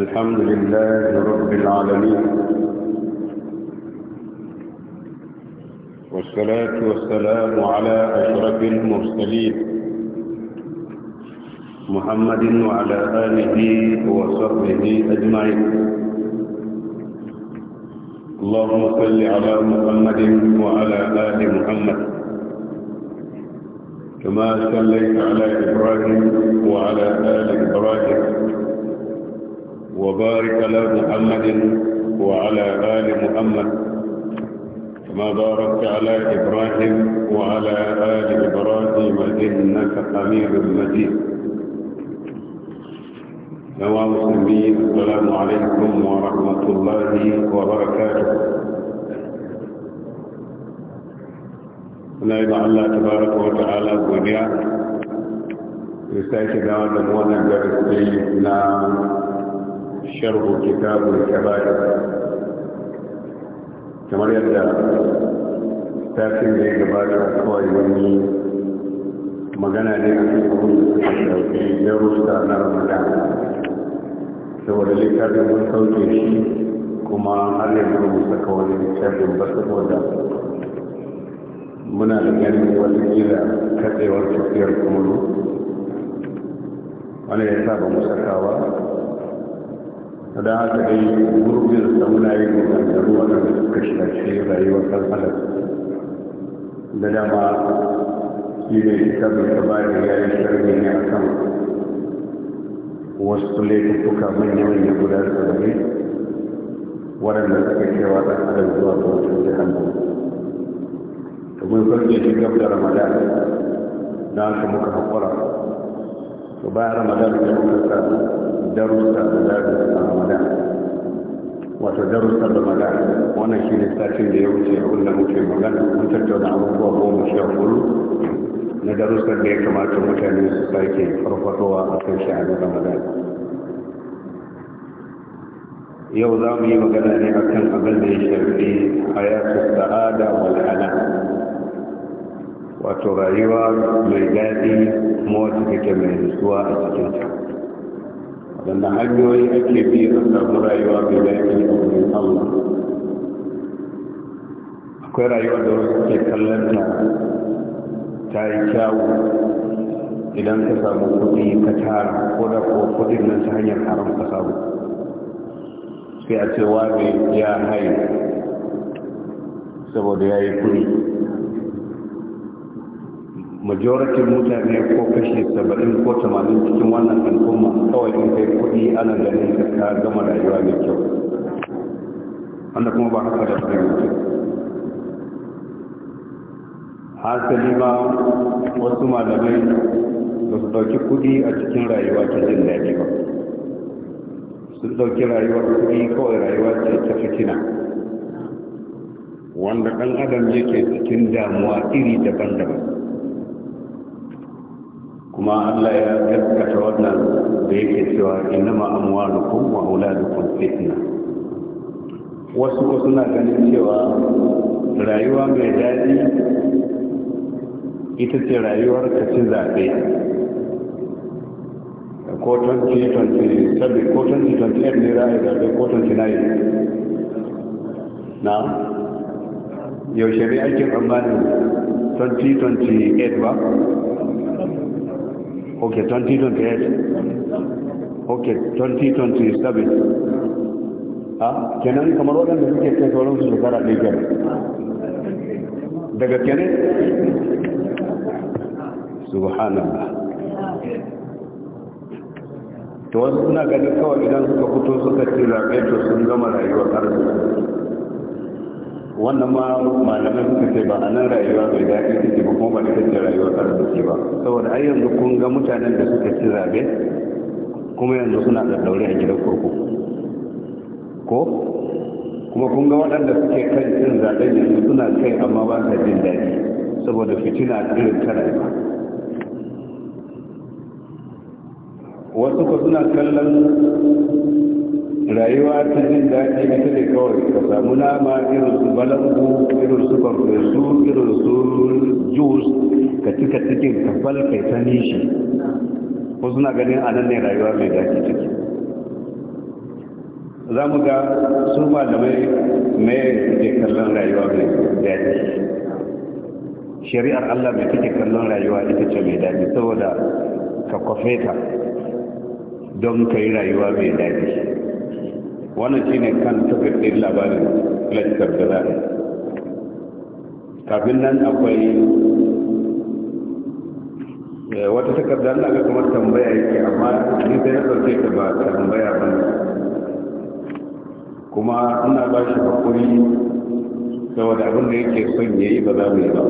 الحمد لله رب العالمين والصلاة والسلام على أشرف المرسلين محمد وعلى آله وصحبه أجمعين اللهم صل على محمد وعلى آل محمد كما صليت على إبراهيم وعلى آل إبراهيم وبارك على محمد وعلى آل محمد كما باركت على إبراهيم وعلى آل إبراهيم إنك حميد مجيد نوى السلام عليكم ورحمة الله وبركاته muna yi ma Allah ta baraka wa ta'ala godiya ya sake dawo da wannan darasi na sharhu kitabul kabair kamar yadda tafin da ya gabata kawai wani magana ne a cikin ɗauki darussa na ramadan saboda littafin mun sauke shi kuma har yanzu musa kawai littafin ba saboda muna da ganin gida katsewar tafiyar kumulu wani ya sa ba mu sakawa haka dai gurbin da muna yi gudanarwa da suka shirashe rayuwar kalfalar da dama shi ne ita mai taba da ya yi sharbi ne a kan wasu tuka manya-manya guda sabari waɗanda suka cewa ɗan adam zuwa ga wasu jihar domin farko shi gab da ramadan na haka muka haƙura to bayan ramadan sai muka sa darussa da darussa a ramadan Wata darussa da ramadan wannan shi ne satin da ya wuce a wanda muke magana mun tattauna abubuwa goma sha hudu na darussan da ya kamata mutane su sake farfadowa a kan sha'anin ramadan yau za mu yi magana ne akan abin da ya shafi hayatu sa'ada wal halal wato rayuwa mai daɗi kuma wata take mai nutsuwa a cikinta wadanda hanyoyi ake bi a samu rayuwa mai daɗi a wurin allah akwai rayuwa da wasu ke kallonta ta yi kyawu idan ka samu kuɗi ka tara ko da ko kuɗi nan ta hanyar haram ka samu sai a ce wane ya haye saboda ya yi kuɗi majoratin mutane ko kashi 70 ko tamanin cikin wannan al'umma kawai in kai kuɗi ana ganin ka ka gama rayuwa mai kyau wanda kuma ba haka da bari Har hasali ma wasu malamai ba su ɗauki kuɗi a cikin rayuwa ta jin daɗi ba sun ɗauki rayuwar kuɗi kawai rayuwa ce ta fitina wanda ɗan adam yake cikin damuwa iri daban-daban ma Allah ya gaskata wannan da yake cewa innama amwalukum wa auladukum fitna wasu ko suna ganin cewa rayuwa mai daɗi ita ce rayuwar ka ci zaɓe ko 2027 ko 2028 ne ra'ayi zaɓe ko 29 na yaushe ne ake tsammanin 2028 ba okay 2028 okay 2027 ha kenan kamar waɗanda suke kai sauran su shekara ɗaya kenan daga kenan subhanallah to wasu suna ganin kawai idan suka fito suka ce zaɓe to sun gama rayuwar arziki wannan ma malamai suka ce ba a nan rayuwa bai daɗi take ba kuma ba ita ce rayuwa da take ba saboda ai yanzu kun ga mutanen da suka ci zabe kuma yanzu suna da daure a gidan kurku ko kuma kun ga waɗanda suke kan cin zaben yanzu suna kai amma ba sa jin daɗi saboda fitina irin ta rayuwa wasu ko suna kallon rayuwa ta jin daɗi ita ne kawai ka samu nama irin su balangu irin su farfesu irin su jus ka cika cikin ka falkai ta nishi ko suna ganin anan ne rayuwa mai daɗi ciki za mu ga su malamai mai suke kallon rayuwa mai daɗi shari'ar allah mai take kallon rayuwa ita ce mai daɗi saboda ka kwafe ta don ka yi rayuwa mai daɗi wannan shine kan takardar labarin lakcar da za a kafin nan akwai eh, wata takardar na ga kuma tambaya yake amma ni sai na ɗauke ta ba tambaya ba kuma ina ba shi hakuri saboda abin da yake son yayi ba za mu yi ba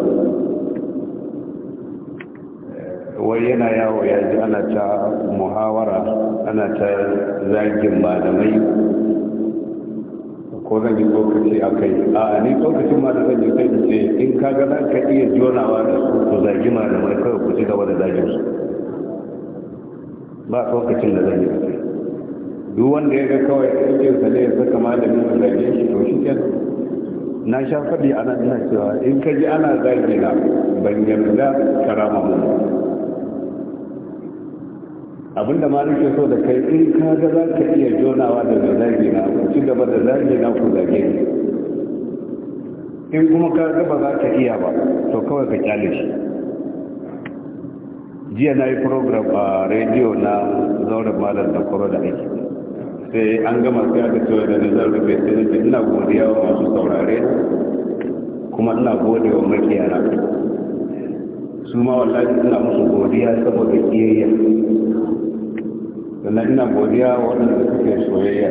eh, wai yana yawo ya ji ana ta muhawara ana ta zagin malamai ko zan yi tsokaci a kai a ni tsokacin ma da zan yi kai ce in ka ga za ka iya jonawa da su ku zargi malamai kawai ku ci gaba da zagin su ba tsokacin da zan yi kai duk wanda ya ga kawai cikin sa ne ya saka malami a zage shi to shi ke na sha faɗi a nan ina cewa in ka ji ana zagi na ban yarda karama mu abinda ma nake so da kai in ka ga za ka iya jonawa daga zagi na ku ci gaba da zagi na ku zage ni in kuma ka ga za ka iya ba to kawai ka kyale shi jiya na yi program a rediyo na zauren malam da koro da aiki sai an gama siya da cewa da nazar bai sai na ina godiya wa masu saurare kuma ina gode wa makiyara su ma wallahi ina musu godiya saboda kiyayya sannan ina godiya waɗanda suke soyayya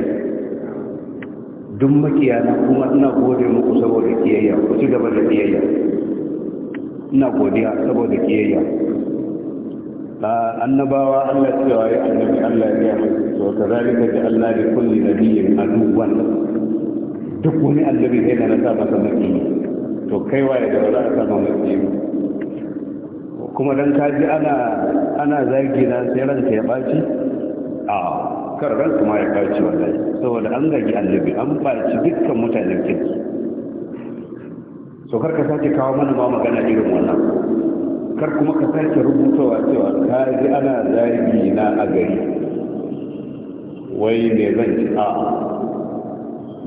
duk makiyana kuma ina gode muku saboda kiyayya ku ci gaba da kiyayya ina godiya saboda kiyayya annabawa Allah cewa ya annabi Allah ya yi to kazalika da Allah da kulli nabiyyin aduwan duk wani annabi sai da na sa masa maki to kaiwa ya da a sa masa maki kuma dan kaji ana ana zagi na sai ranka ya baci a kar ranka ma ya baci wallahi saboda an zagi annabi an baci dukkan mutanen kirki so kar ka sake kawo mana ma magana irin wannan kar kuma ka sake rubutawa cewa kaji ana zagi na a gari wai me zan ci a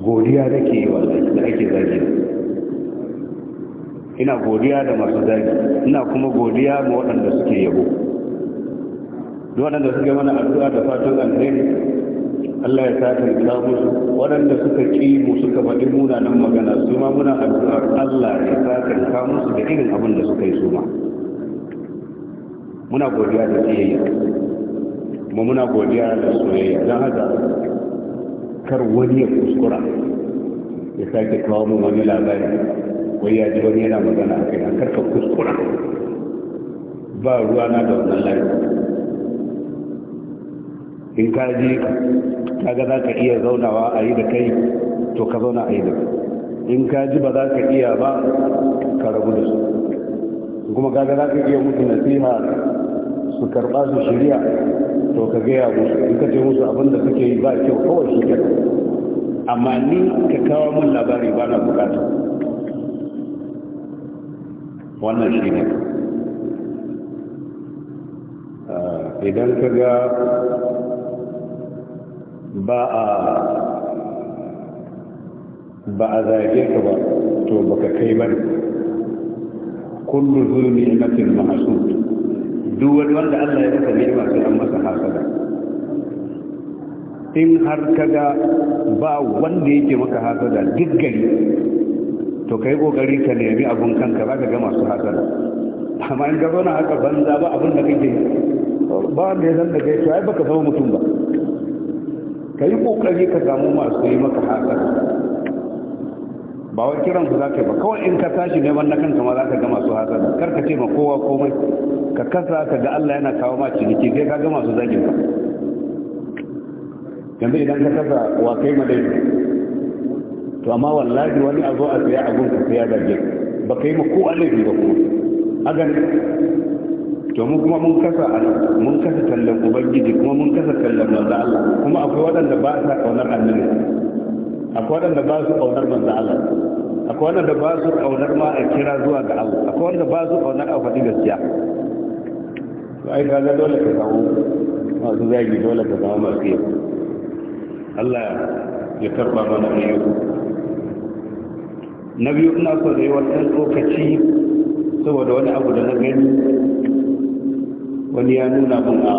godiya nake yi wallahi da ake zagi na ina godiya da masu zagi ina kuma godiya ma waɗanda suke yabo waɗanda suke mana addu'a da fatan alheri Allah ya sake ta musu waɗanda suka ki mu suka faɗi munanan magana su ma muna addu'a Allah ya sake ta musu da irin abin da suka yi su ma muna godiya da tsiyayya kuma muna godiya da soyayya don haka kar wani ya kuskura ya sake kawo mu wani labari wai ya ji wani yana magana a kai na karka kuskura ba ruwa na da wannan lafi in ka ji ka ga za ka iya zaunawa a yi da kai to ka zauna a yi da kai in ka ji ba za ka iya ba ka rabu da su kuma ka ga za ka iya mutu nasiha su karɓa su shirya to ka gaya musu in ka ce musu abin da suke yi ba kyau kawai shi kyau amma ni ka kawo min labari ba na bukata wannan shi ne ah, idan ka ga ba a ba a zage ka ba to ka kai ba ne kullu zulmi ni'matin mahsud duk wani wanda Allah ya masa ne masu an masa hasada in har kaga ba wanda yake maka hasada duk gari to kai kokari ka nemi abun kanka za ka ga masu hasana amma in ka zauna haka banza ba abin da kake ba wanda ya san da kai to ai baka zama mutum ba ka yi kokari ka samu masu yi maka hasana ba wa kiran su za yi ba kawai in ka tashi neman na kanka ma za ka ga masu hasana kar ka ce ma kowa komai ka kasa ka ga Allah yana kawo ma ciniki sai ka ga masu zagin ka yanzu idan ka kasa wa kai madaidai to amma wallahi wani a zo a saya a sai ya zage ba ka yi ma kowa laifi ba kuma a to mu kuma mun kasa mun kasa tallan ubangiji kuma mun kasa tallan manzo Allah kuma akwai waɗanda ba sa kaunar annabi akwai waɗanda ba su kaunar manzo Allah akwai waɗanda ba su kaunar ma a kira zuwa ga Allah akwai waɗanda ba su kaunar a faɗi gaskiya to ai ga dole ka samu masu zagi dole ka samu masu yau Allah ya karba mana ayyuka na biyu ina so da yi wani tsokaci saboda wani abu da na gani wani ya nuna mun a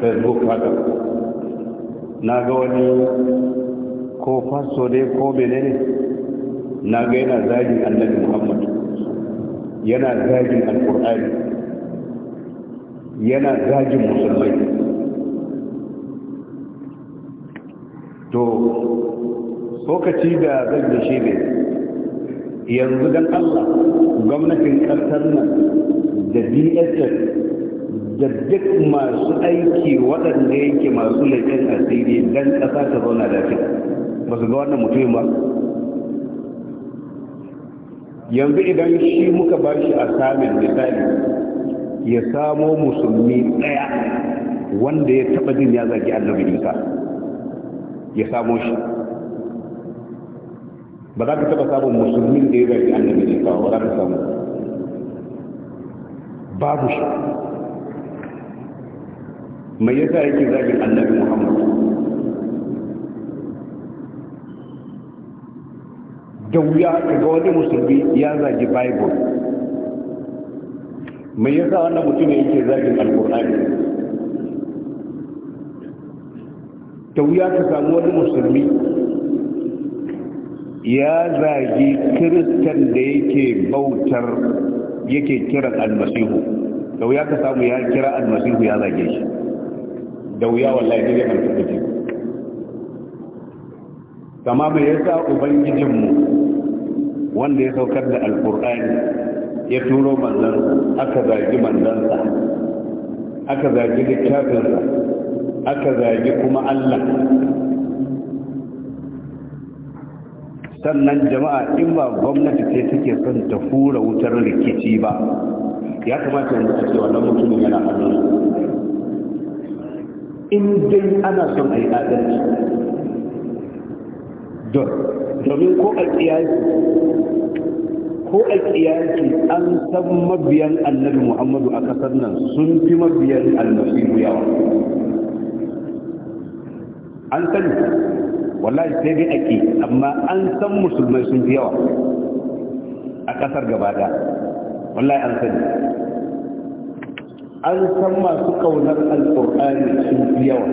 facebook haka na ga wani ko faso dai ko menene na ga yana zagin annabi muhammad yana zagin alkur'ani yana zagin musulmai to lokaci da zai da shi ne yanzu don allah gwamnatin ƙasar nan da dss da duk masu aiki waɗanda yake masu laifin asiri don ƙasa ta zauna shi ba su ga wannan mutum ba yanzu idan shi muka ba shi a samun misali ya samo musulmi ɗaya wanda ya taɓa jin ya zagi annabi isa ya samo shi ba za ka taba samun musulmin da ya zargi annabi ne ba za ka samu babu shi mai yasa yake zagin annabi muhammad da wuya ga wani musulmi ya zagi bible mai yasa wannan mutum yake zagin alkur'ani da wuya ka samu wani musulmi ya zagi kiristan da yake bautar yake kiran almasihu da wuya ka samu ya kira almasihu ya zage shi da wuya wallahi ne zai alfaɗi kama mai yasa ubangijinmu wanda ya saukar da alkur'ani ya turo manzan aka zagi manzansa aka zagi littafinsa aka zagi kuma allah sannan jama'a in ba gwamnati ce take son ta hura wutar rikici ba ya kamata yanzu ta ce nan mutumin yana hannun in dai ana son a yi adalci domin ko a kiyasi ko a kiyasi an san mabiyan annabi muhammadu a kasar nan sun fi mabiyan almasihu yawa an sani wallahi sai dai ake amma an san musulmai sun fi yawa a ƙasar gaba da wallahi an sani an san masu ƙaunar alƙur'ani sun fi yawa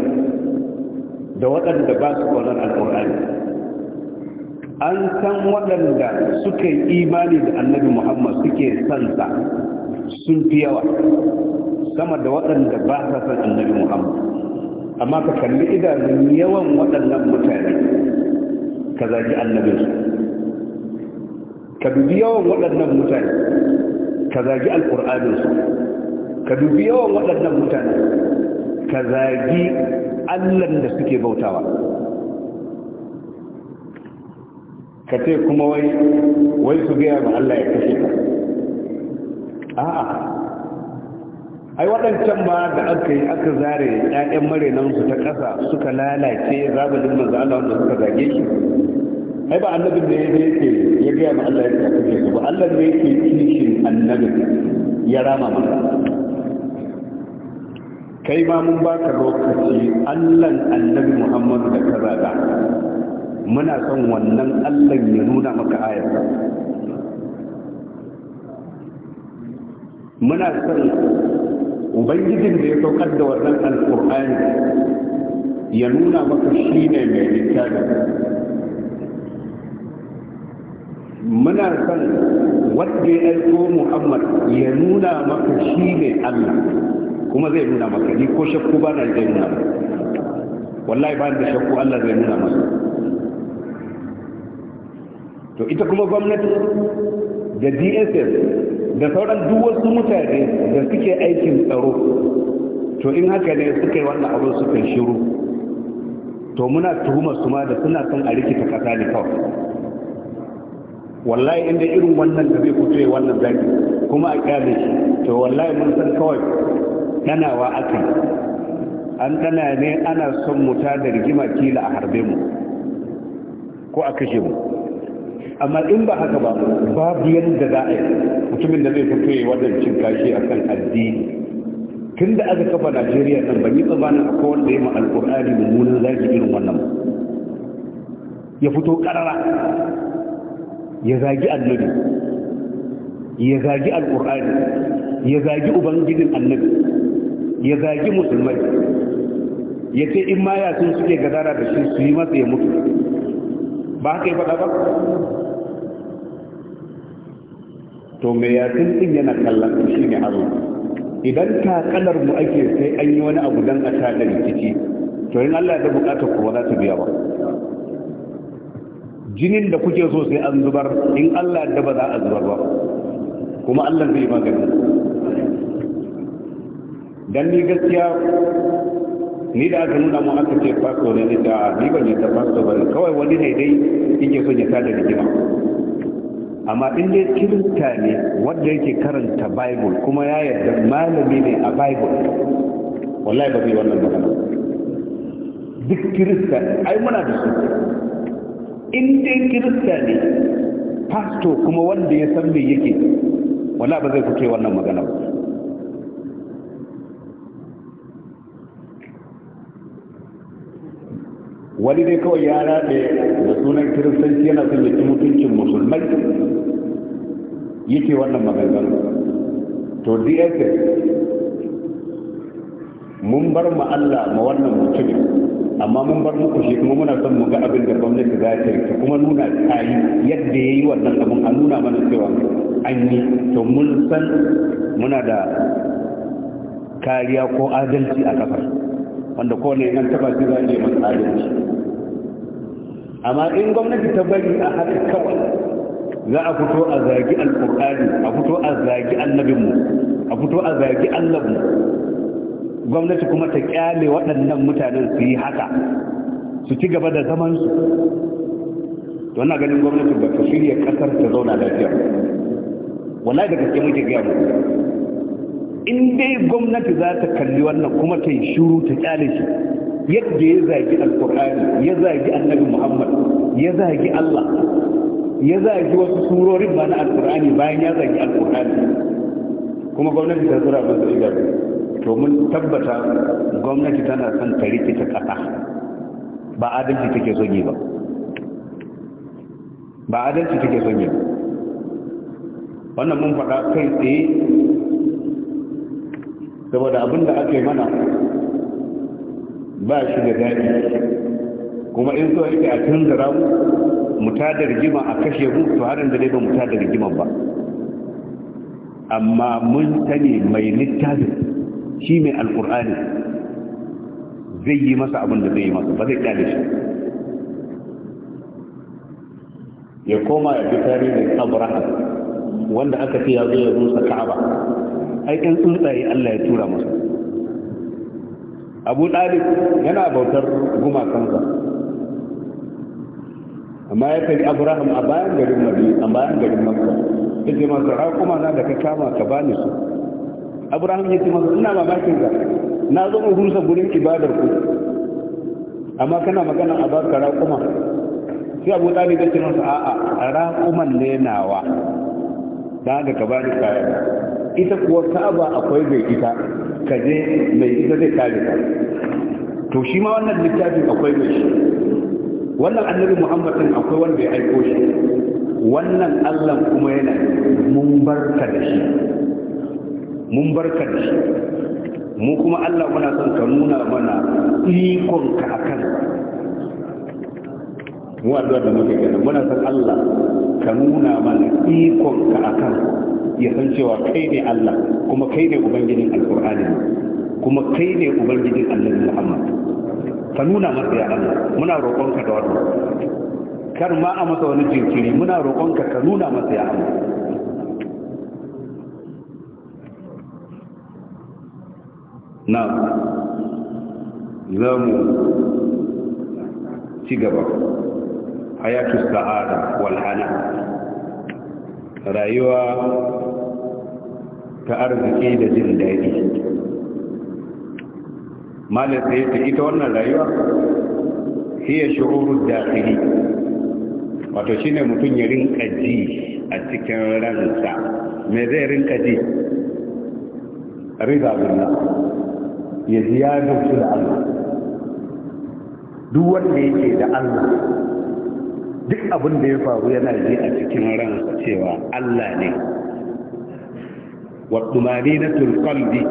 da waɗanda ba su ƙaunar alƙur'ani an san waɗanda suka yi imani da annabi muhammad suke sansa sun fi yawa sama da waɗanda ba sa san annabi muhammad amma ka kalli idanun yawan waɗannan mutane ka zagi annabinsu ka dubi yawan waɗannan mutane ka zagi alƙur'aninsu ka dubi yawan waɗannan mutane ka zagi allan da suke bautawa ka ce kuma wai su gaya ma allah ya kashe a'a ai waɗancan ma da aka yi aka zare ƴaƴan marenansu ta ƙasa suka lalace zamanin manzo Allah wanda suka zage shi ai ba annabin ne ya yake ya gaya ma Allah ya kace su ba Allah ne yake kishin annabin ya rama mana kai ma mun baka lokaci Allah annabi Muhammadu da kaza da muna son wannan Allah ya nuna maka ayarsa muna son ubangijin da ya saukar da wannan alkur'ani ya nuna maka shi ne mai littafi muna son wadda ya aiko muhammad ya nuna maka shi ne allah kuma zai nuna maka ni ko shakku ba na zai nuna maka wallahi ba da shakku allah zai nuna maka to ita kuma gwamnati da dss da sauran duk wasu mutane da suke aikin tsaro to in haka ne suka yi wannan abin suka shiru to muna tuhumar su ma da suna son a rikita kasa ne kawai wallahi inda irin wannan da zai fito ya wannan zaki kuma a kyale shi to wallahi mun san kawai danawa aka an tana ne ana son mu ta da rigima kila a harbe mu ko a kashe mu amma in ba haka ba babu yadda za a yi mutumin da zai fito ya wannan cin kashi a kan addini tun da aka kafa najeriya nan ban yi tsammanin akwai wanda ya ma alƙur'ani mummunan zaki irin wannan ya fito ƙarara ya zagi annabi ya zagi alƙur'ani ya zagi ubangijin annabi ya zagi musulmai ya ce in maya ya sun suke gazara da shi su yi masa ya mutu ba haka yi faɗa ba to mai ya ɗin yana kallon shi ne aro idan takalar mu ake sai an yi wani abu don a ta da rikici to yin allah da bukatar kuma za ta biya ba jinin da kuke so sai an zubar in allah da ba za a zubar ba kuma allah zai magani don ni gaskiya ni da aka nuna mu aka ce fasto ne da ni ban ta fasto ba kawai wani ne dai yake son ya tada rigima amma in dai kirista ne wanda yake karanta bible kuma ya yarda malami ne a bible wallahi ba zai wannan magana duk kirista ai muna da su in dai kirista ne pastor kuma wanda ya san me yake wallahi ba zai fice wannan magana ba wani dai kawai ya raɗe da sunan kiristanci yana son ya ci mutuncin musulmai yake wannan maganganu to dsa mun bar mu allah ma wannan mutumin amma mun bar muku shi kuma muna son mu ga abin da gwamnati za ta yi kuma nuna ta yi yadda ya yi wannan abin a nuna mana cewa an yi to mun san muna da kariya ko adalci a kafar wanda kowane yan taba shi za a yi masa adalci amma in gwamnati ta bari a haka kawai za a fito a zagi alƙur'ani a fito a zagi annabinmu a fito a zagi allahmu gwamnati kuma ta kyale waɗannan mutanen su yi haka su ci gaba da zamansu wannan ganin gwamnati ba ta shirya ƙasar ta zauna lafiya wallahi da gaske muke gaya mu in dai gwamnati za ta kalli wannan kuma ta yi shuru ta kyale shi yadda ya zagi Alƙur'ani ya zagi annabi muhammad ya zagi Allah ya zagi wasu surorin ba na alkur'ani bayan ya zagi alkur'ani kuma gwamnati ta zura masa idanu to mun tabbata gwamnati tana son ta ta kasa ba adalci take son yi ba ba adalci take son yi ba wannan mun faɗa kai tsaye saboda abin da ake mana ba shi da daɗi kuma in so yake a tunzura mu mu ta da rigima a kashe mu to har da dai ba mu ta da rigiman ba amma mun sani mai littafin shi mai alkur'ani zai yi masa abin da zai yi masa ba zai kyale shi ya koma ya fi tarihin abraham wanda aka ce ya zo ya rusa ka'aba ai ɗan tsuntsaye allah ya tura masa abu ɗalib yana bautar gumakansa amma ya kai abraham a bayan garin madina a bayan garin makka ya ce masa kuma na da ka kama ka bani su abraham ya ce masa ina mamakin ka na zo mu husa gurin ibadar ku amma kana magana a baka kuma, sai abu ɗali ya ce masa a'a kuma ne nawa da haka ka bani kayan ita kuwa ka'aba akwai mai ita ka je mai ita zai kare ka to shi ma wannan littafin akwai mai shi wannan annabi muhammad akwai wanda ya aiko shi wannan allah kuma yana mun barka da shi mun barka da shi mu kuma allah muna son ka nuna mana ikonka a kan mu addu'a da muke gani muna son allah ka nuna mana ikonka a kan ya san cewa kai ne allah kuma kai ne ubangijin alkur'ani kuma kai ne ubangijin annabi muhammad ka nuna masa ya Allah muna roƙonka da wannan kar ma a masa wani jinkiri muna roƙonka ka nuna masa ya Allah na za mu ci gaba hayatu sa'ada walhana rayuwa ta arziki da jin daɗi malar sai ta ita wannan rayuwa hiya shuhurul dakhili wato shine mutum ya rinka ji a cikin ransa me zai rinka ji rida billah ya ji ya da Allah duk wanda yake da Allah duk abin da ya faru yana ji a cikin ransa cewa Allah ne wa tumaninatul qalbi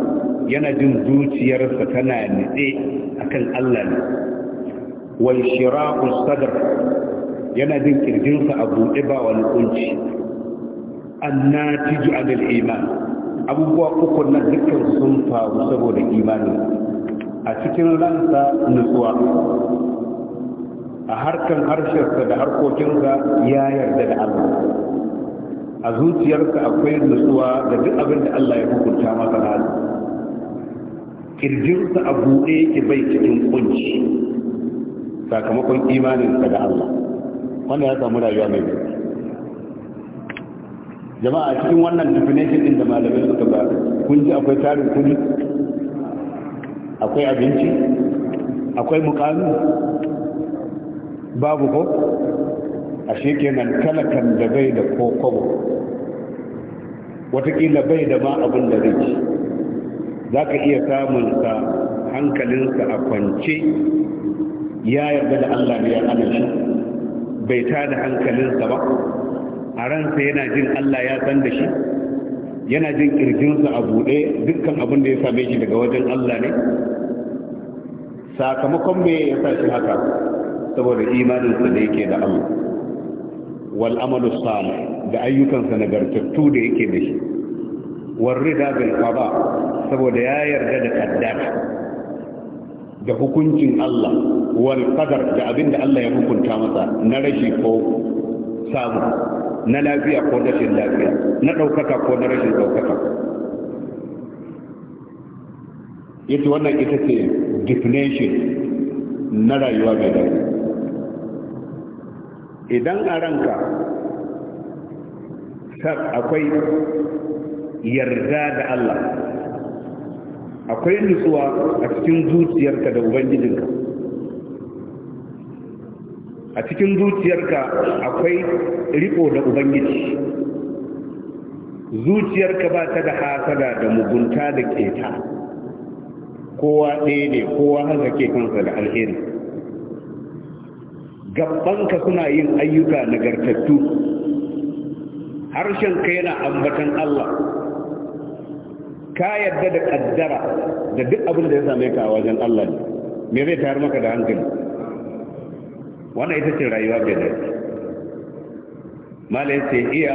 yana jin zuciyarsa tana nitse akan Allah ne wal shira'u sadr yana jin kirjinsa a buɗe ba wani kunci annatiju anil iman abubuwa uku na dukkan sun faru saboda imanin a cikin ransa nutsuwa a harkan harshensa da harkokinsa ya yarda da Allah a zuciyarsa akwai nutsuwa da duk abin da Allah ya hukunta masa na kirjinsa a buɗe yake bai cikin kunci sakamakon imaninsa da Allah wanda ya samu rayuwa mai zai jama'a cikin wannan definition din da malamai suka ba kun ji akwai tarin kudi akwai abinci akwai mukami babu ko a shekenan talakan da bai da kokobo watakila bai da ma abin da zai ci za ka iya samun sa hankalinsa a kwance ya yarda da Allah ne ya amince bai ta da hankalinsa ba a ransa yana jin Allah ya san da shi yana jin kirjinsa a buɗe dukkan abin da ya same shi daga wajen Allah ne sakamakon me ya sa shi haka saboda imaninsa da yake da Allah wal amalu da ayyukansa nagartattu da yake da shi warrida bil qada saboda ya yarda da kaddara da hukuncin Allah wal qadar da abinda Allah ya hukunta masa na rashi ko samu na lafiya ko rashin lafiya na ɗaukaka ko na rashin ɗaukaka yace wannan ita ce definition na rayuwa mai daɗi idan a ranka akwai yarda da Allah akwai nutsuwa a cikin zuciyarka da ubangijinka a cikin zuciyarka akwai riko da ubangiji zuciyarka ba ta da hasada da mugunta da keta kowa ɗaya ne kowa haka ke kansa da alheri ka suna yin ayyuka nagartattu harshen ka yana ambatan Allah ka yarda da kaddara da duk abin da ya same ka a wajen Allah ne me zai tayar maka da hankali wannan ita ce rayuwa bai da mala ce iya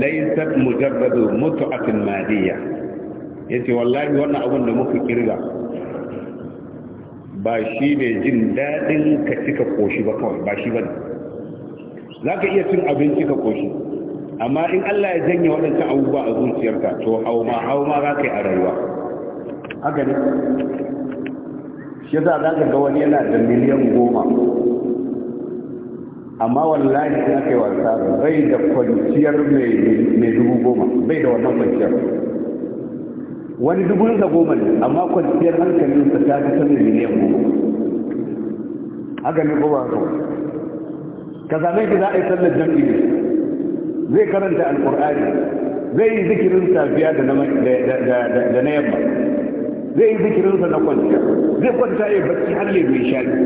laysat mujarradu mut'atin madiyya yace wallahi wannan abin da muka kirga ba shi ne jin daɗin ka cika koshi ba kawai ba shi ba ne iya cin abinci ka koshi amma in Allah ya janye waɗancan abubuwa a zuciyarka to hauma ma za ka yi a rayuwa haka ne shi za a ga wani yana da miliyan goma amma wallahi sai aka yi wasa bai da kwanciyar mai dubu goma bai da wannan kwanciyar wani dubu da goma ne amma kwanciyar hankalinsa ta fi sanin miliyan goma haka ne goma ka zame ki za a yi sallar jam'i ne zai karanta alkur'ani zai yi zikirin safiya da na yamma zai yi zikirin sa na kwanciya zai kwanta ya bacci har ya mai shaɗi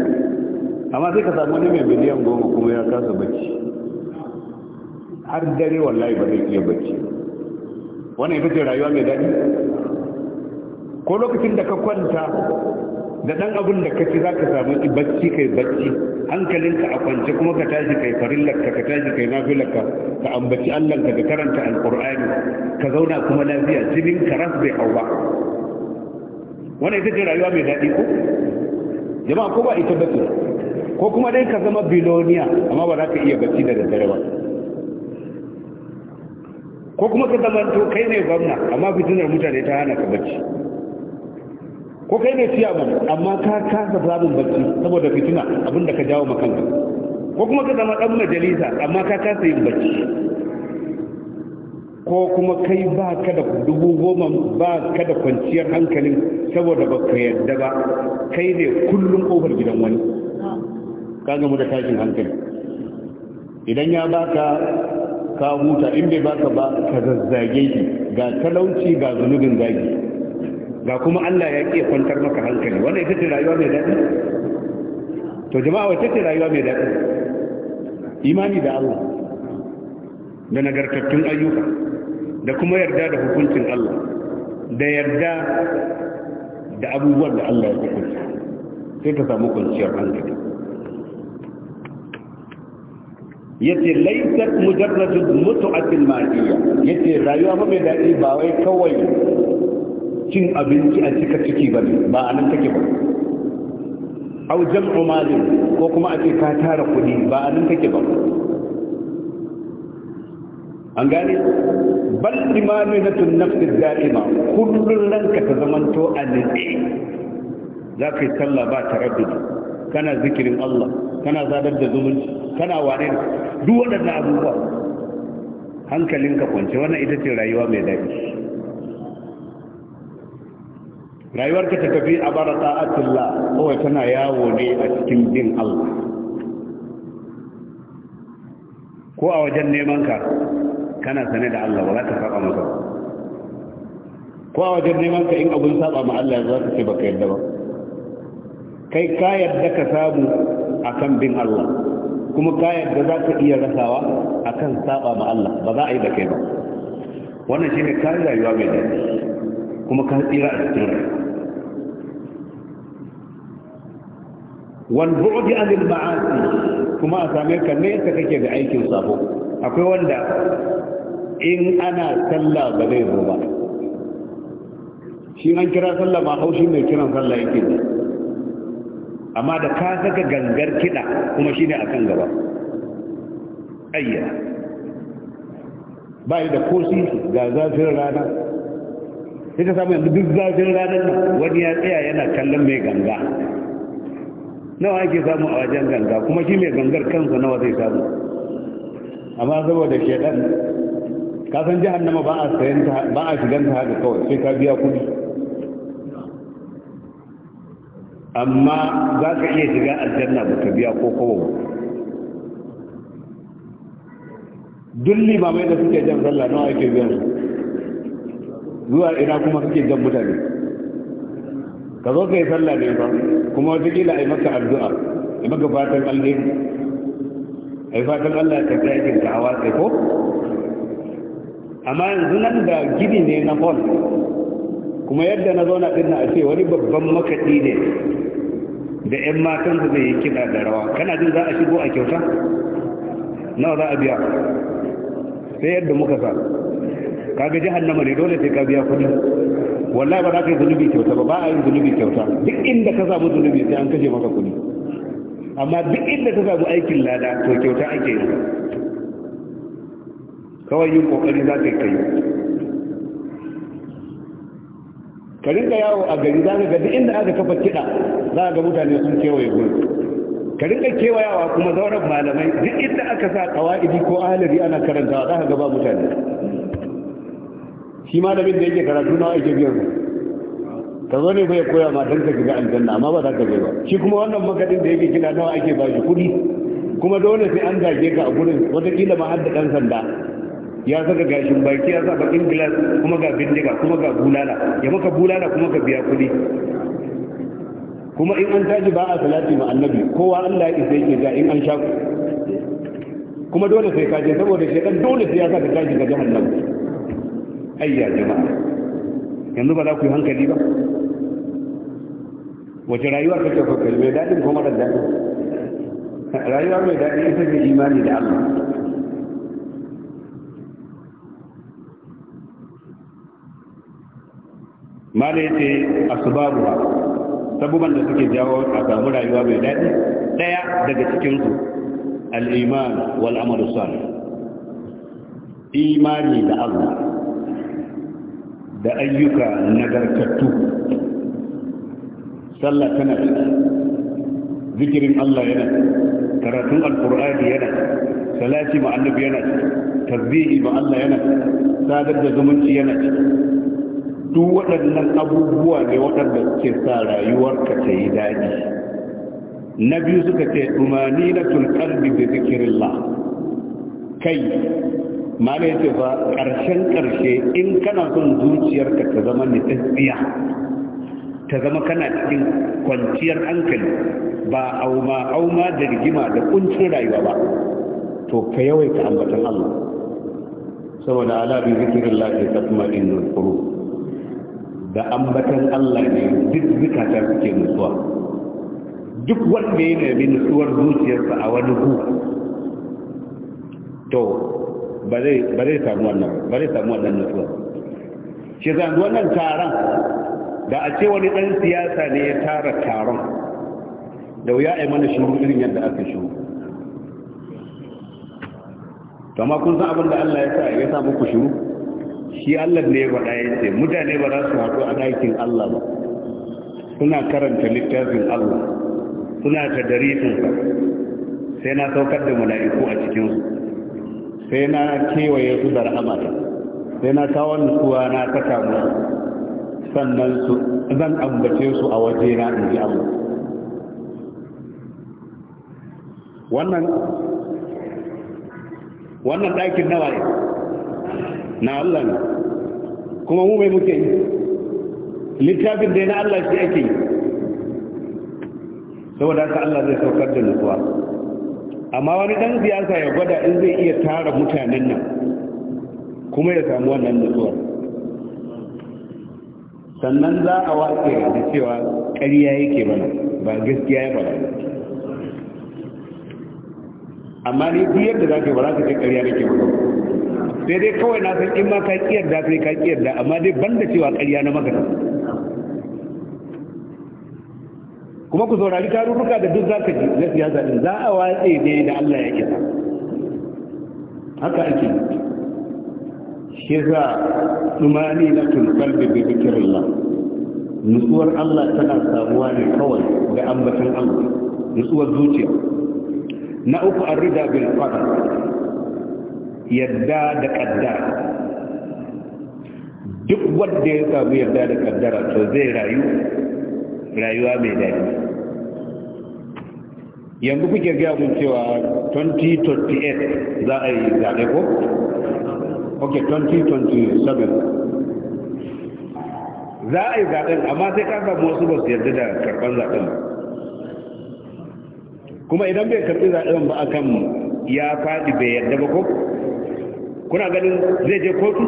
amma sai ka samu ne mai miliyan goma kuma ya kasa bacci har dare wallahi ba zai iya bacci wannan ita ce rayuwa mai daɗi ko lokacin da ka kwanta da dan abin da kaci za ka samu bacci kai bacci hankalinka a kwance kuma ka tashi kai farillarka ka tashi kai nafilarka ka ambaci allanka ka karanta alkur'ani ka zauna kuma lafiya jinin ka ras bai hau ba wannan ita ce rayuwa mai daɗi ko jama'a ko ba ita bace ko kuma dai ka zama biloniya amma ba za ka iya bacci da daddare ba ko kuma ka zama to kai ne gwamna amma fitinar mutane ta hana ka bacci ko kai ne ciyaman amma ka kasa sabon barci saboda fitina abinda ka jawo makanka ko kuma ka zama dan majalisa amma ka kasa yin barci ko kuma kai ba ka da dubu goma ba ka da kwanciyar hankalin saboda ba ka yadda ba kai ne kullum kofar gidan wani ka gamu da tashin hankali idan ya baka ka huta in bai baka ba ka zazzage shi ga talauci ga zunubin zagi ga kuma Allah ya ke kwantar maka hankali wannan ita ce rayuwa mai daɗi to jama'a wacce ce rayuwa mai daɗi imani da Allah da nagartattun ayyuka da kuma yarda da hukuncin Allah da yarda da abubuwan da Allah ya hukunta sai ka samu kwanciyar hankali yace laysat mujarrad mut'atil maliyya yace rayuwa mai daɗi ba wai kawai cin abinci a cika ciki ba ba a nan take ba au jam'u malin ko kuma a ce ka tara kuɗi ba a nan take ba an gane bal imanu na tunnafis da'ima kullum ranka ta zamanto a nitsi za ka yi sallah ba taraddudi kana zikirin Allah kana zadar da zumunci kana wane duk waɗannan abubuwa hankalinka kwance wannan ita ce rayuwa mai daɗi rayuwarka ta tafi a bara ta'atillah kawai tana yawo ne a cikin bin Allah ko a wajen neman ka kana sane da Allah ba za ka saba masa ko a wajen neman ka in abun saba ma Allah za ka ce baka yadda ba kai ka yadda ka samu a kan bin Allah kuma ka yadda za ka iya rasawa kan saba ma Allah ba za a yi da kai ba wannan shine kan rayuwa mai daɗi kuma ka tsira a cikin rayuwa والبعد عن المعاصي كما kuma a same ka ne kake ga aikin sabo akwai wanda in ana sallah ba zai zo ba shi an kira sallah ma haushi mai kiran sallah yake ne amma da ka saka gangar kiɗa kuma shi ne gaba ayya sai ka samu yanzu duk zafin ranar wani ya tsaya yana kallon mai ganga nawa ake samu a wajen ganga kuma shi mai gangar kansa nawa zai samu amma saboda shedan ka san jahannama ba a sayan ta ba a shigan ta haka kawai sai ka biya kudi amma za ka iya shiga aljanna ba ka biya ko kowa duk limamai da suke jan sallah nawa ake biyan zuwa ina kuma suke jan mutane ka zo ka yi sallah ne ba kuma kila a yi maka addu'a a maka fatan alheri a yi fatan allah ta kai yakin ka hawa tsaye ko amma yanzu nan da gini ne na hall kuma yadda na zauna ɗin na a ce wani babban makaɗi ne da 'yan matan su zai yi kiɗa da rawa kana jin za a shigo a kyauta nawa za a biya sai yadda muka sa kaga jihar ne dole sai ka biya kudi wallahi ba za ka yi zunubi kyauta ba ba a yin zunubi kyauta duk inda ka samu zunubi sai an kashe maka kuɗi amma duk inda ka samu aikin lada to kyauta ake yi kawai yin kokari za ka yi kai ka rinka yawo a gari za ka ga duk inda aka kafa kiɗa za ka ga mutane sun kewaye gurin ka rinka kewayawa kuma zauren malamai duk inda aka sa kawa'idi ko ahalari ana karanta za ka gaba mutane shi ma da yake karatu na ake biyar ka zo ne fa ya koya matan ka shiga aljanna amma ba za ka je ba shi kuma wannan makadin da yake kina nawa ake ba shi kuɗi kuma dole sai an zage ka a gurin wataƙila ma har da ɗan sanda ya saka gashin baki ya saka bakin gilas kuma ga bindiga kuma ga bulala ya maka bulala kuma ka biya kuɗi kuma in an taji ba a salati ma annabi kowa Allah ya isa yake ga in an sha kuma dole sai ka je saboda shekan dole sai ya saka tashi ga jahannam ayya jama'a yanzu ba za ku yi hankali ba wace rayuwa kake kai mai daɗin kuma da daɗi rayuwa mai daɗi ita ce imani da Allah mala ya ce asbabuwa sabuban da suke jawo a samu rayuwa mai daɗi ɗaya daga cikinsu wal wal'amalu salih imani da Allah da ayyuka nagartattu sallah tana zikirin Allah yana karatun alkur'ani yana salati ma annabi yana tasbihi ma Allah yana sadar da zumunci yana duk waɗannan abubuwa ne waɗanda ke sa rayuwarka ta yi daɗi na biyu suka ce umaninatul da zikirin la, kai mana yace fa karshen karshe in kana son zuciyarka ta zama nitsatsiya ta zama kana cikin kwanciyar hankali ba auma auma da rigima da kuncin rayuwa ba to ka yawai ka ambatan Allah saboda ala bi zikrillah ta in qulub da ambatan Allah ne duk zikata suke nutsuwa duk wanda yana bin nutsuwar zuciyarsa a wani hu to ba zai samu wannan ba zai samu wannan nutsuwa shi wannan taron da a ce wani ɗan siyasa ne ya tara taron da wuya yi mana shiru irin yadda aka shiru amma kun san abin da Allah ya sa ya sa muku shiru shi Allah ne ya faɗa ya ce mutane ba za su haɗu a ɗakin Allah ba suna karanta littafin Allah suna ta ba. sai na saukar da mala'iku a cikinsu sai na kewaye su da rahamata sai na kawon nutsuwa na ta kamu sannan su zan ambace su a waje na in ji wannan wannan ɗakin nawa ne na Allah ne kuma mu mai muke yi littafin da na Allah shi ake yi saboda haka Allah zai saukar da nutsuwa amma wani dan siyasa ya gwada in zai iya tara mutanen nan kuma ya samu wannan nutsuwa sannan za a wace da cewa ƙarya yake mana ba gaskiya ya bada amma ne duk yadda za ka ba za ka ce ƙarya yake mana sai dai kawai na san in ma ka ƙiyar da sai ka ƙiyar da amma dai banda cewa ƙarya na magana. kuma ku saurari tarurruka da duk zaka ji na siyasa din za a watse ne da Allah ya kisa haka ake shi za tsumani na tunkalbi da Allah nutsuwar Allah tana samuwa ne kawai ga ambatan Allah nutsuwar zuciya na uku an rida bil qadar yadda da ƙaddara, duk wanda ya samu yadda da ƙaddara to zai rayu rayuwa mai daɗi yanzu kuke gaya mun cewa 2028 za a yi zaɓe ko? ok 2027 za a yi zaɓen amma sai ka samu wasu ba su yarda da karɓar zaɓen kuma idan bai karɓi zaɓen ba akan ya faɗi bai yarda ba ko? kuna ganin zai je kotu?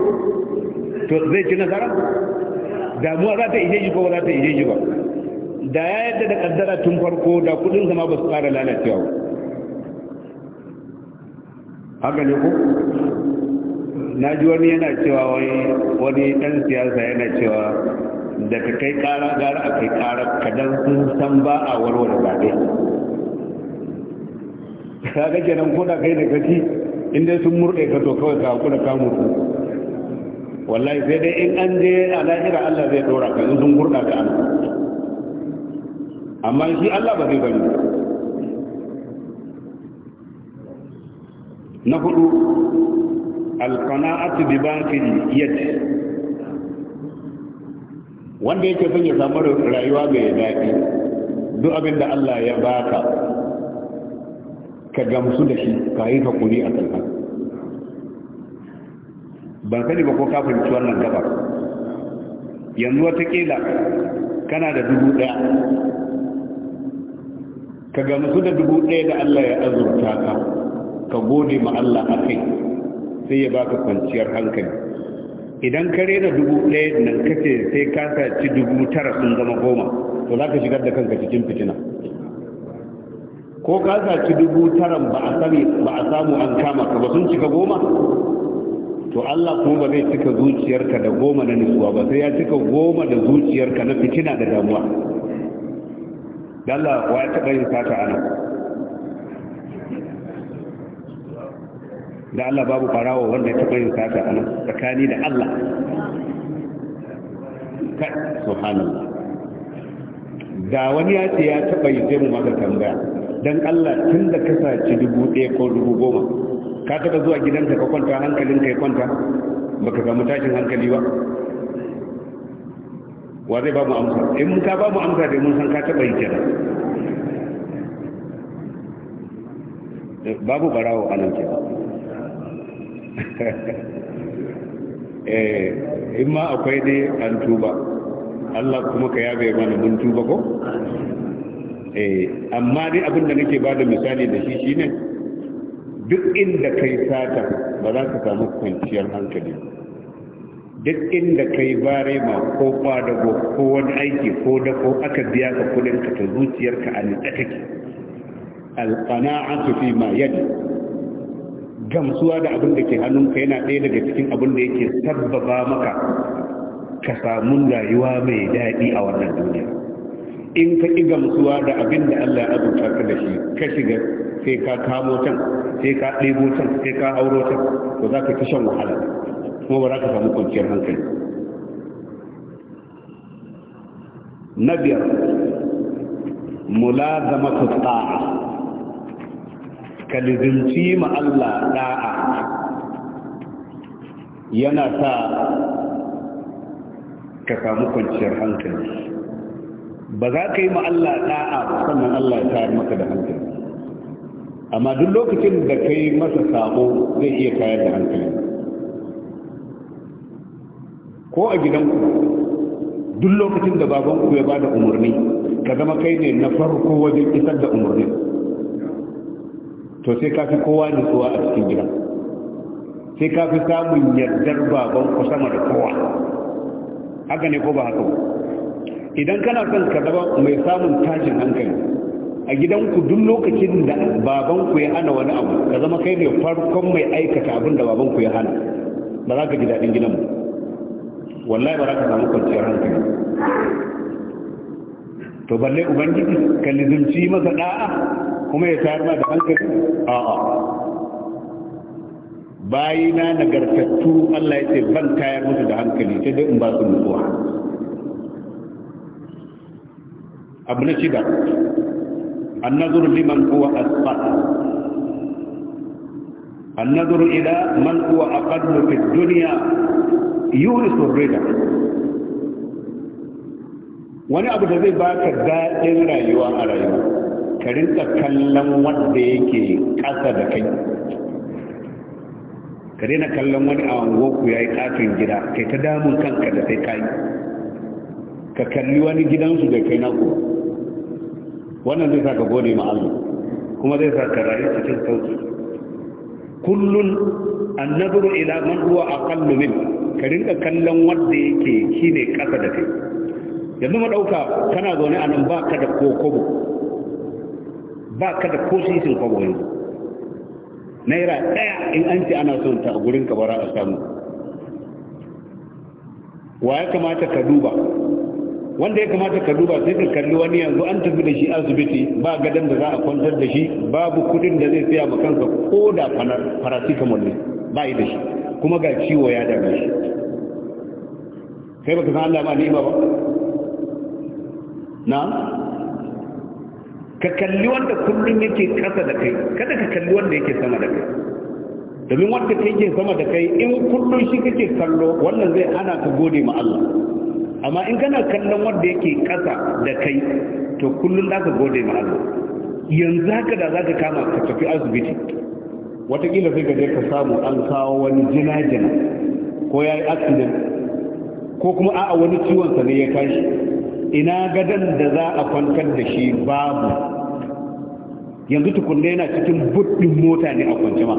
to zai ci nasara? damuwa za ta ije shi ko ba za ta ije shi ba da ya yadda da kaddara tun farko da kudin zama ba su fara lalacewa haka ne ku na ji wani yana cewa wani dan siyasa yana cewa da ka kai kara gara a kai kara kadan sun san ba a warware zaɓe ka ga kenan ko da kai da kaci inda sun murɗe ka to kawai ka kula ka mutu wallahi sai dai in an je a lahira Allah zai dora ka in sun gurɗa ka an amma shi Allah ba zai bari na hudu alqana'atu bi baqil yadda wanda yake son ya samu rayuwa mai daɗi duk abin da Allah ya baka ka gamsu da shi ka yi hakuri a kan ban sani ba ko ka fahimci wannan gaba yanzu wata kila kana da dubu ɗaya ka gamsu da dubu ɗaya da Allah ya azurta ka ka gode ma Allah a kai sai ya baka kwanciyar hankali idan ka rena dubu ɗaya nan kace sai ka saci dubu tara sun zama goma to za ka shigar da kanka cikin fitina ko ka saci dubu tara ba a ba a samu an kama ka ba sun cika goma to Allah kuma ba zai cika zuciyarka da goma na nisuwa ba sai ya cika goma da zuciyarka na fitina da damuwa dalla wa ya taɓa yin sata ana da Allah babu farawa wanda ya taɓa yin sata ana tsakani da Allah kan subhanallah da wani ya ce ya taɓa yi zai mu maka tambaya don Allah tun da ka saci dubu ɗaya ko dubu goma ka taɓa zuwa gidanta ka kwanta ka ya kwanta baka samu tashin hankali ba wa zai ba mu amsa in ka ba mu amsa dai mun san ka taɓa yi kenan eh, babu barawo a nan kenan eh, in ma akwai dai an tuba Allah kuma ka yabe mana mun tuba ko eh, amma dai abin da nake ba da misali da shi shine duk inda kai sata ba za ka samu kwanciyar hankali ba duk inda kai barema ko kwadago ko wani aiki ko ko aka biya ka kudin ka ta zuciyarka a nitsa take alqana'atu fi ma yadi gamsuwa da abin da ke hannunka yana ɗaya daga cikin abin da yake sabbaba maka ka samu rayuwa mai daɗi a wannan duniya in ka ƙi gamsuwa da abin da Allah ya azurta ka da shi ka shiga sai ka kamo can sai ka ɗebo can sai ka auro can to za ka fi shan wahala kuma ba za ka samu kwanciyar hankali na biyar mulazama ta ta'a kalizinci ma Allah da'a yana sa ka samu kwanciyar hankali ba za ka yi ma Allah da'a sannan Allah ya tayar maka da hankali amma duk lokacin da ka yi masa sabo zai iya tayar da hankali ko a gidanku duk lokacin da babanku ya bada umarni ka zama kai ne na farko wajen isar da umarni. to sai ka fi kowa zuwa a cikin gida sai ka fi samun yardar babanku sama da kowa haka ne ko ba haka idan kana son ka zama mai samun tashin hankali a gidanku duk lokacin da babanku ya hana wani abu ka zama kai ne farkon mai aikata abin da babanku ya hana ba za ka ji daɗin gidanmu wallahi ba za ka samu kwanciyar hankali to balle ubangiji ka ci masa da'a kuma ya tayar ma da hankali a'a bayina nagartattu Allah ya ce ban tayar musu da hankali sai dai in ba su nutsuwa abu na shida annazuru liman huwa asfat annazuru ila man huwa aqallu fid dunya yurisu rida wani abu da zai baka daɗin rayuwa a rayuwa ka rinka kallon wanda yake ƙasa da kai ka daina kallon wani a ku ya yi gida kai ta damun kanka da sai kai ka kalli wani gidansu da kai naku wannan zai saka gode ma Allah kuma zai saka rayuwa cikin sauki kullun annabru ila man huwa aqallu minhu ka rinka kallon wanda yake ne ƙasa da kai yanzu mu ɗauka kana zaune a nan ba ka da kokobo ba ka da ko sisin kobo yanzu naira ɗaya in an ce ana son ta a gurin ka bara a samu wa ya kamata ka duba wanda ya kamata ka duba sai ka kalli wani yanzu an tafi da shi asibiti ba gadon da za a kwantar da shi babu kudin da zai siya ma kansa ko da farasitamol ne ba yi da shi kuma ga ciwo ya dame shi kai baka san Allah ma ni ba na ka kalli wanda kullum yake kasa da kai kada ka kalli wanda yake sama da kai domin wanda kai yake sama da kai in kullum shi kake kallo wannan zai ana ka gode ma Allah amma in kana kallon wanda yake kasa da kai to kullum za ka gode ma Allah yanzu haka da za ka kama ka tafi asibiti watakila sai ka ka samu an kawo wani jina-jina ko ya yi accident ko kuma a'a wani ciwon sa ne ya tashi ina gadan da za a kwantar da shi babu yanzu tukunne yana cikin buɗin mota ne a kwance ma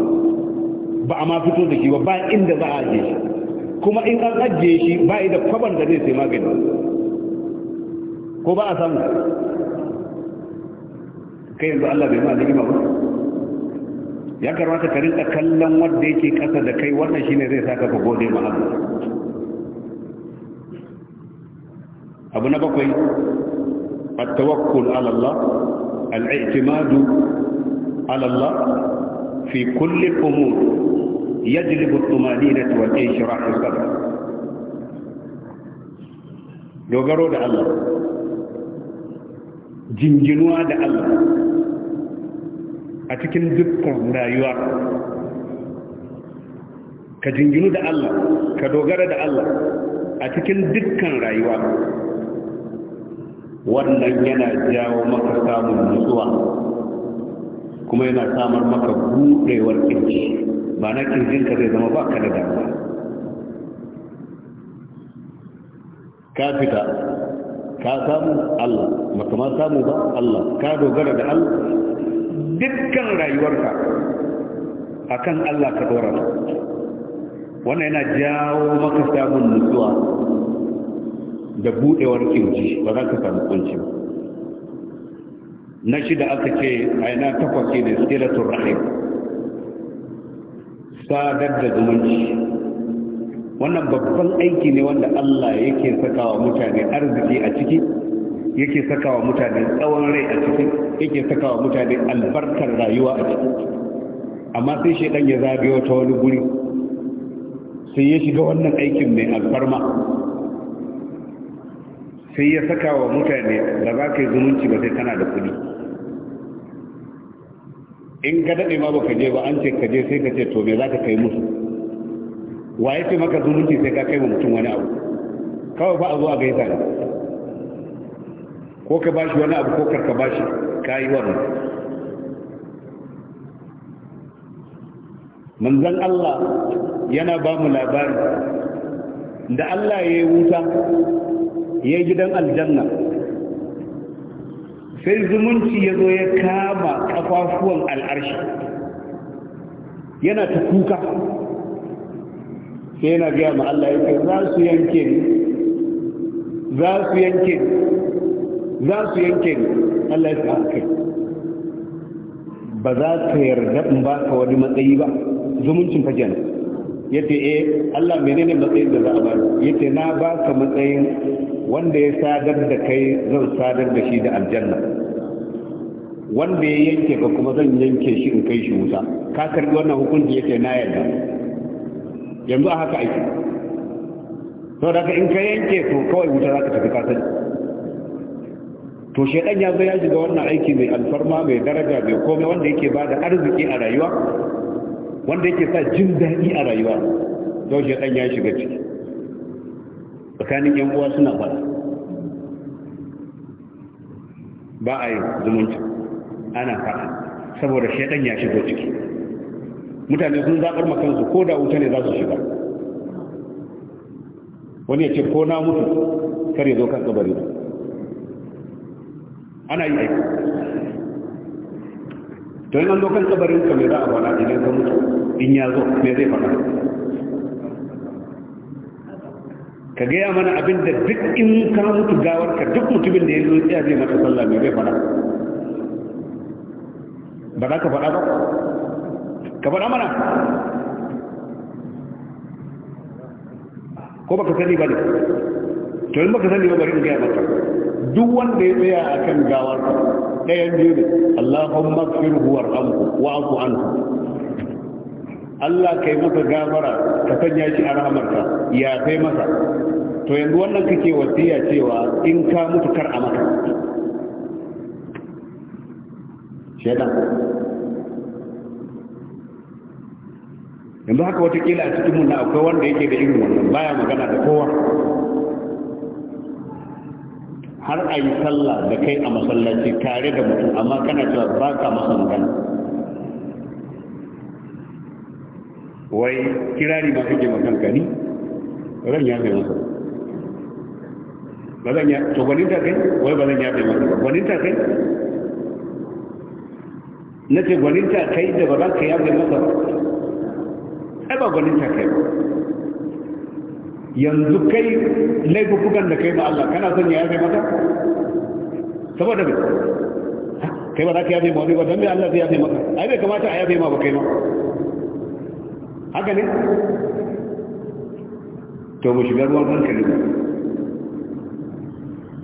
ba a ma fito da shi ba ba inda za a ajiye shi kuma in an ajiye shi ba da kwaban da zai sai magani ko ba a samu kai yanzu Allah bai ma da ba ya karwata ka rinka kallon wanda yake kasa da kai wannan shine zai saka ka gode ma Allah abu na bakwai at-tawakkul ala Allah al-i'timad ala Allah fi kulli umur yajlib at-tumanina wa ishrah as-sadr dogaro da Allah jinginuwa da Allah a cikin dukkan rayuwa ka jinginu da Allah ka dogara da Allah a cikin dukkan rayuwa wannan yana jawo maka samun nutsuwa kuma yana samar maka buɗewar kirji ba na kirjinka zai zama ba ka da damuwa ka fita ka samu Allah maka ma samu ba Allah ka dogara da Allah dukkan rayuwarka akan Allah ka dora wannan yana jawo maka samun nutsuwa da buɗewar kirji ba za ka samu kunci ba na shida aka ce yana takwas da silatul rahim sadar da zumunci wannan babban aiki ne wanda Allah yake sakawa mutane arziki a ciki yake sakawa mutane tsawon rai a ciki yake sakawa mutane albarkar rayuwa a ciki amma sai shaidan ya zagayo ta wani guri sai ya shiga wannan aikin mai alfarma sai ya saka wa mutane da za ka yi zumunci ba sai kana da kuɗi. in ka daɗe ma ba ka je ba an ce ka je sai ka ce to me za ka kai musu wa ya maka zumunci sai ka kai wa mutum wani abu kawai ba a zo a gaisa ne ko ka shi wani abu ko karka bashi ka yi wannan manzan Allah yana ba mu labari da Allah ya yi wuta ya gidan aljanna sai zumunci ya zo ya kama kafafuwan al'arshi yana ta kuka sai yana biya ma Allah ya kai za su yanke za su yanke za su yanke ni Allah ya sa kai ba za ka yarda in ba ka wani matsayi ba zumuncin fa Ya ce eh Allah menene matsayin da za a bani ce na ba ka matsayin wanda ya sadar da kai zan sadar da shi da aljanna wanda ya yanke ka kuma zan yanke shi in kai shi wuta ka karbi wannan hukunci ce na yarda yanzu a haka aiki saboda in ka yanke to kawai wuta za ka tafi kasance to shedan ya zo ya shiga wannan aiki mai alfarma mai daraja mai komai wanda yake bada arziki a rayuwa wanda yake sa jin daɗi a rayuwa yau shedan ya shiga ciki tsakanin yan uwa suna faɗa ba a yi zumunci ana faɗa saboda shedan ya shiga ciki mutane sun zaɓar makansu ko da wuta ne za su shiga wani ya ce ko na mutu kar ya zo kan tsibirin ana yi aiki to yin an zo kan kabarin ka mai za a fara idan ka mutu in ya zo me zai fara ka gaya mana abin da duk in ka mutu gawar ka duk mutumin da ya zo tsaya zai mata sallah me zai fara ba za ka fara ba ka fara mana ko baka sani ba ne to in baka sani ba bari in gaya maka duk wanda ya tsaya a kan gawar ɗayan biyu ne Allahumma magfirhu warhamhu wa'fu anhu Allah kai masa gabara ka sanya shi a rahamarka ya kai masa to yanzu wannan kake wasiya cewa in ka mutu kar a maka shaidan yanzu haka watakila a cikin na akwai wanda yake da irin wannan baya magana da kowa har a yi sallah da kai a masallaci tare da mutum amma kana cewa ba ka masa magana wai kirari ma kake makan kani ran ya kai masa ba zan ya to gwanin ta kai wai ba zan ya kai masa gwanin ta kai na ce gwanin ta kai da ba za ka ya kai masa ai ba gwanin ta kai ba yanzu kai laifukan da kai ma Allah kana son ya yafe mata saboda me kai ba za ka yafe ma wani ba don me Allah zai yafe maka ai bai kamata a yafe ma ba kai ma haka ne to mu shiga ruwan hankali ba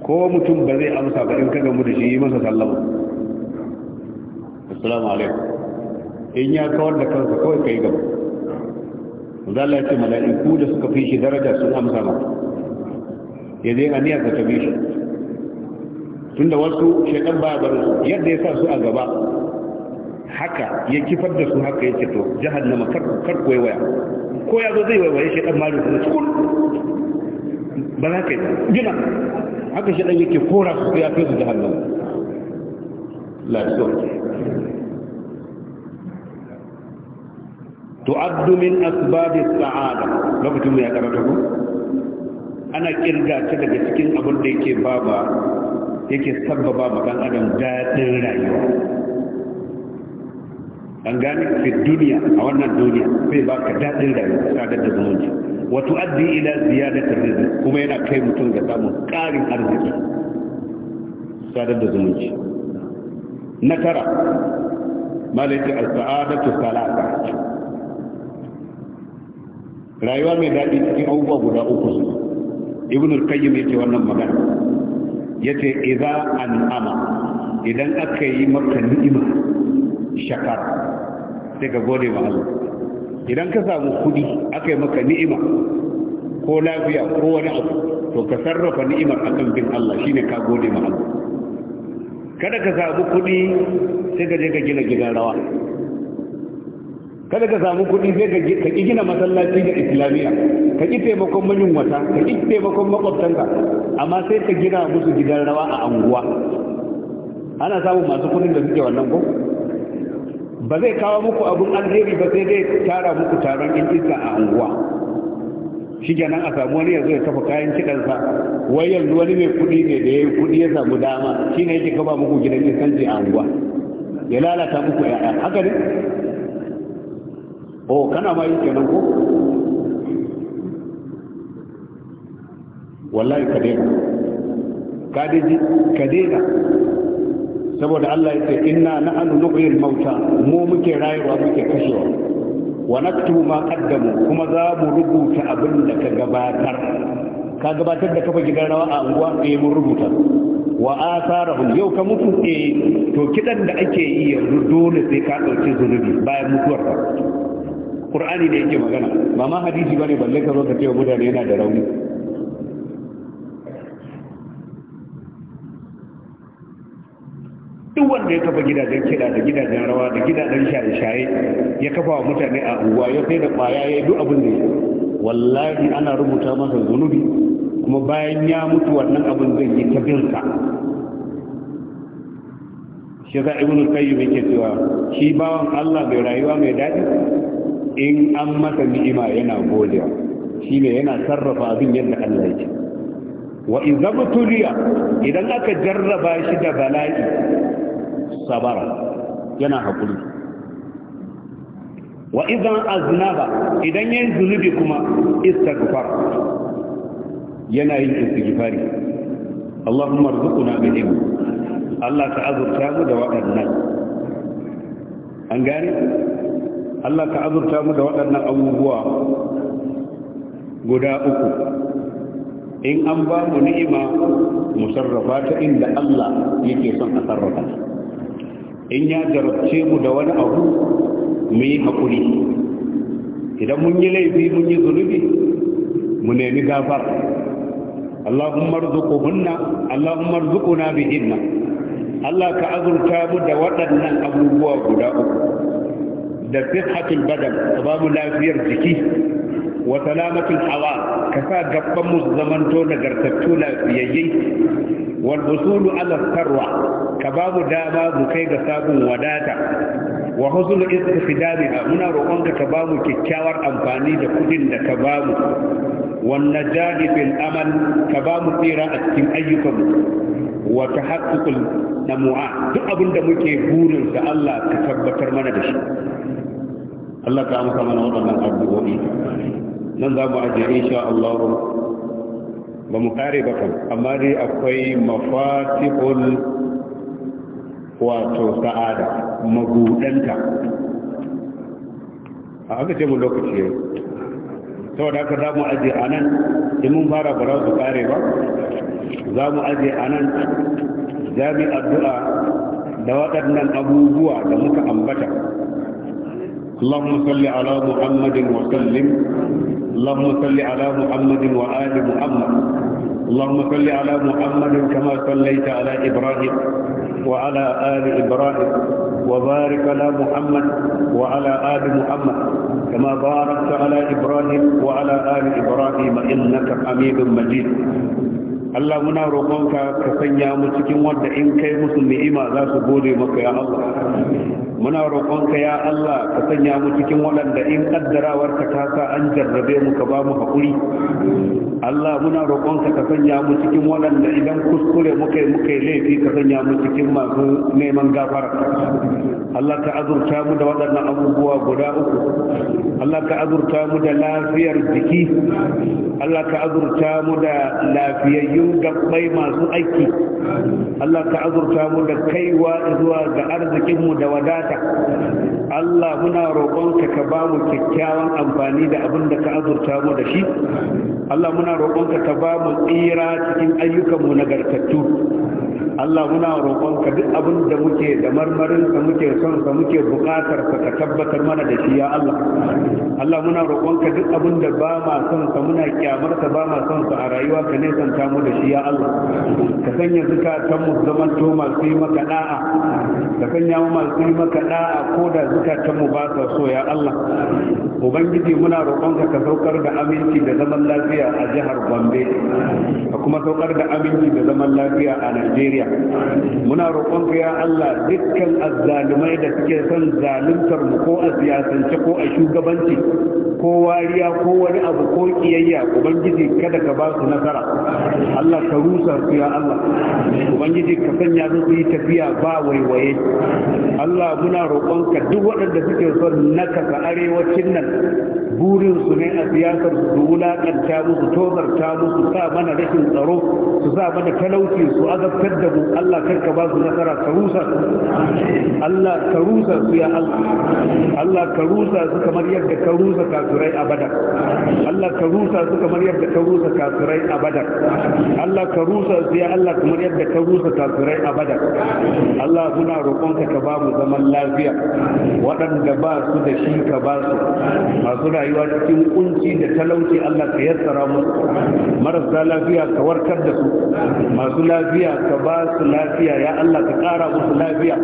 ko mutum ba zai amsa ba in kaga mu da shi yi masa sallama assalamu alaikum in ya kawar da kansa kawai kai gaba zalla ya ce mala'iku da suka fi shi daraja sun amsa ma ya zai aniyar ka tabi shi tun da wasu shekar baya bar yadda ya sa su a gaba haka ya kifar da su haka ya ce to jihar kar ku waya ko ya zo zai waiwaye shekar ma da su cikin ba za ka yi gina haka shekar yake kora su ya fi su jihar na so tu'addu min asbabi sa'ada lokacin mu ya karanta ku ana kirga ta daga cikin abin da yake baba yake sabbaba ma an gane fi a wannan duniya sai baka dadin rayuwa sadar da zumunci wa tu'addi ila ziyadatir rizq kuma yana kai mutum ga samun karin arziki sadar da na tara malaika al-sa'adatu salata rayuwa mai daɗi cikin abubuwa guda uku su ibn al-qayyim yake wannan magana yace idza an'ama idan aka yi maka ni'ima shakar sai ka gode wa Allah idan ka samu kudi aka yi maka ni'ima ko lafiya ko wani abu to ka sarrafa ni'imar akan bin Allah shine ka gode wa Allah kada ka samu kudi sai ka je ka gina gidan rawa kada ka samu kuɗi sai ka ka gina masallaci da islamiyya ka ki taimakon wata, ka ki taimakon makwabtanka amma sai ka gina musu gidan rawa a anguwa ana samun masu kuɗin da suke wannan ko ba zai kawo muku abun alheri ba sai dai tara muku taron in iska a anguwa shi kenan a samu wani yanzu ya kafa kayan sa wai yanzu wani mai kuɗi ne da ya yi kuɗi ya samu dama shi ne yake kafa muku gidan iskanci a anguwa ya lalata muku ya'ya haka ne Oh kana ma yi kenan ko wallahi ka daina ka daji ka daina saboda Allah ya ce inna na'anu nuhyil mauta mu muke rayuwa muke kashewa wa naktubu ma qaddamu kuma za mu rubuta abin da ka gabatar ka gabatar da kafa gidan rawa a unguwa eh mun rubuta wa asarahum yau ka mutu eh to kidan da ake yi yanzu dole sai ka ɗauki zunubi bayan mutuwar ka qur'ani ne yake magana ba ma hadisi bane balle ka zo ka ce mutane yana da rauni duk wanda ya kafa gidajen kiɗa da gidajen rawa da gidajen shaye-shaye ya kafa wa mutane a ruwa ya sai da ƙwaya ya yi duk abin da ya wallahi ana rubuta masa zunubi kuma bayan ya mutu wannan abin zai yi ta binsa shi za ibn qayyim yake cewa shi bawan Allah mai rayuwa mai daɗi in an masa ni'ima yana godewa shi ne yana sarrafa abin yadda Allah yake wa idza butuliya idan aka jarraba shi da bala'i sabara yana hakuri wa idza aznaba idan yayin zunubi kuma istighfar yana yin istighfari Allahumma min ilmi Allah ta azurta mu da waɗannan an gane Allah ka azurta mu da waɗannan abubuwa guda uku in an ba mu ni'ima mu sarrafa ta inda Allah yake son a sarrafa in ya jarabce mu da wani abu mu yi haƙuri idan mun yi laifi mun yi zunubi mu nemi gafar Allahumma rzuquhunna Allahumma rzuquna bihinna Allah ka azurta mu da waɗannan abubuwa guda uku da sihhatul badan ka lafiyar jiki wa salamatul hawa ka sa gaban mu zamanto nagartattu lafiyayye wal usulu ala sarwa ka ba dama mu kai ga sabon wadata wa husnul a muna roƙonka ka ka mu kyakkyawar amfani da kudin da ka ba mu wan najati amal ka ba tsira a cikin ayyukan wa tahaqqul namu'a duk abinda muke burin da Allah ka tabbatar mana da shi Allah ka amsa mana waɗannan addu'o'i nan za mu ajiye insha Allah ba mu kare ba kan amma dai akwai mafatihul wato sa'ada magudanta a haka ce mu lokaci yau da ka za mu ajiye a nan in mun fara ba za su kare ba za mu ajiye a nan jami'ar du'a da waɗannan abubuwa da muka ambata اللهم صل على محمد وسلم اللهم صل على محمد وآل محمد اللهم صل على محمد كما صليت على إبراهيم وعلى آل إبراهيم وبارك على محمد وعلى آل محمد كما باركت على إبراهيم وعلى آل إبراهيم إنك حميد مجيد Allah muna roƙonka ka sanya mu cikin wanda in kai musu ni'ima za su gode maka ya Allah muna roƙonka ya Allah ka sanya mu cikin waɗanda in ka ta sa an jarrabe mu ka ba mu haƙuri Allah muna roƙonka ka sanya mu cikin waɗanda idan kuskure muka yi muka yi laifi ka sanya mu cikin masu neman gafara Allah ka azurta mu da waɗannan abubuwa guda uku Allah ka azurta mu da lafiyar jiki Allah ka azurta mu da lafiyayyun gabbai masu aiki Allah ka azurta mu da kaiwa zuwa ga arzikinmu da wadata Allah muna roƙonka ka ba mu kyakkyawan amfani da abin da ka azurta mu da shi Allah muna roƙonka ka ba mu tsira cikin ayyukanmu nagartattu Allah muna ka duk abin da muke da marmarin ka muke son ka muke buƙatar ka ka tabbatar mana da shi ya Allah Allah muna ka duk abin da ba ma son ka muna kyamar ka ba ma son ka a rayuwa ka ne san mu da shi ya Allah ka sanya ta mu zaman to su yi maka da'a ka sanya mu su yi maka da'a ko da ta mu ba sa so ya Allah ubangiji muna ka ka saukar da aminci da zaman lafiya a jihar Gombe ka kuma saukar da aminci da zaman lafiya a Najeriya shari'a muna roƙonka ya Allah dukkan azzalumai da suke son zaluntar mu ko a siyasance ko a shugabanci ko wariya ko wani abu ko kiyayya ubangiji kada ka ba su nasara Allah ka rusa su ya Allah ubangiji ka sanya su su yi tafiya ba waiwaye Allah muna roƙonka duk waɗanda suke son nakasa arewacin nan burin su ne a siyasar su wulaƙanta musu tozarta musu sa mana rashin tsaro su sa mana talauci su azabtar da su Allah karka ba su nasara ka rusa su Allah ka rusa su ya Allah Allah ka rusa su kamar yadda ka rusa kafirai a badar Allah ka rusa su kamar yadda ka rusa kafirai a badar Allah ka rusa su ya Allah kamar yadda ka rusa kafirai a badar Allah muna roƙonka ka ba mu zaman lafiya waɗanda ba su da shi ka ba su masu rayuwa cikin kunci da talauci Allah ka yassara mu. marasa lafiya ka warkar da su masu lafiya ka ba ba su lafiya ya Allah ka ƙara musu lafiya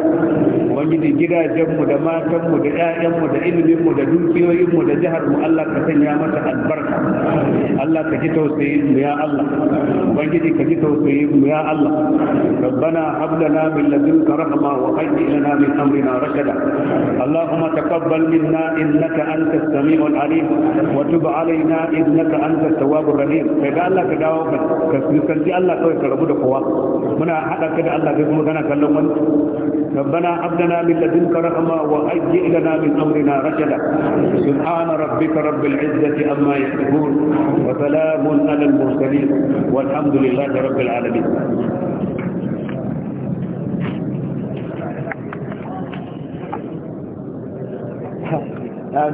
ubangiji gidajenmu da matanmu da ƴaƴanmu da iliminmu da dukiyoyinmu da jiharmu Allah ka sanya mata albarka Allah ka ji tausayin mu ya Allah ubangiji ka ji tausayin mu ya Allah ربنا هب لنا من لدنك رحمة وهيئ لنا من أمرنا رشدا اللهم تقبل منا إنك أنت السميع العليم وتب علينا إنك أنت التواب الرحيم فقال لك دعوة كسبت الله كوي كربو دقوا منا ربنا عبدنا من لدنك رحمة وأجي لنا من أمرنا رشدا سبحان ربك رب العزة أما يحبون وسلام على المرسلين والحمد لله رب العالمين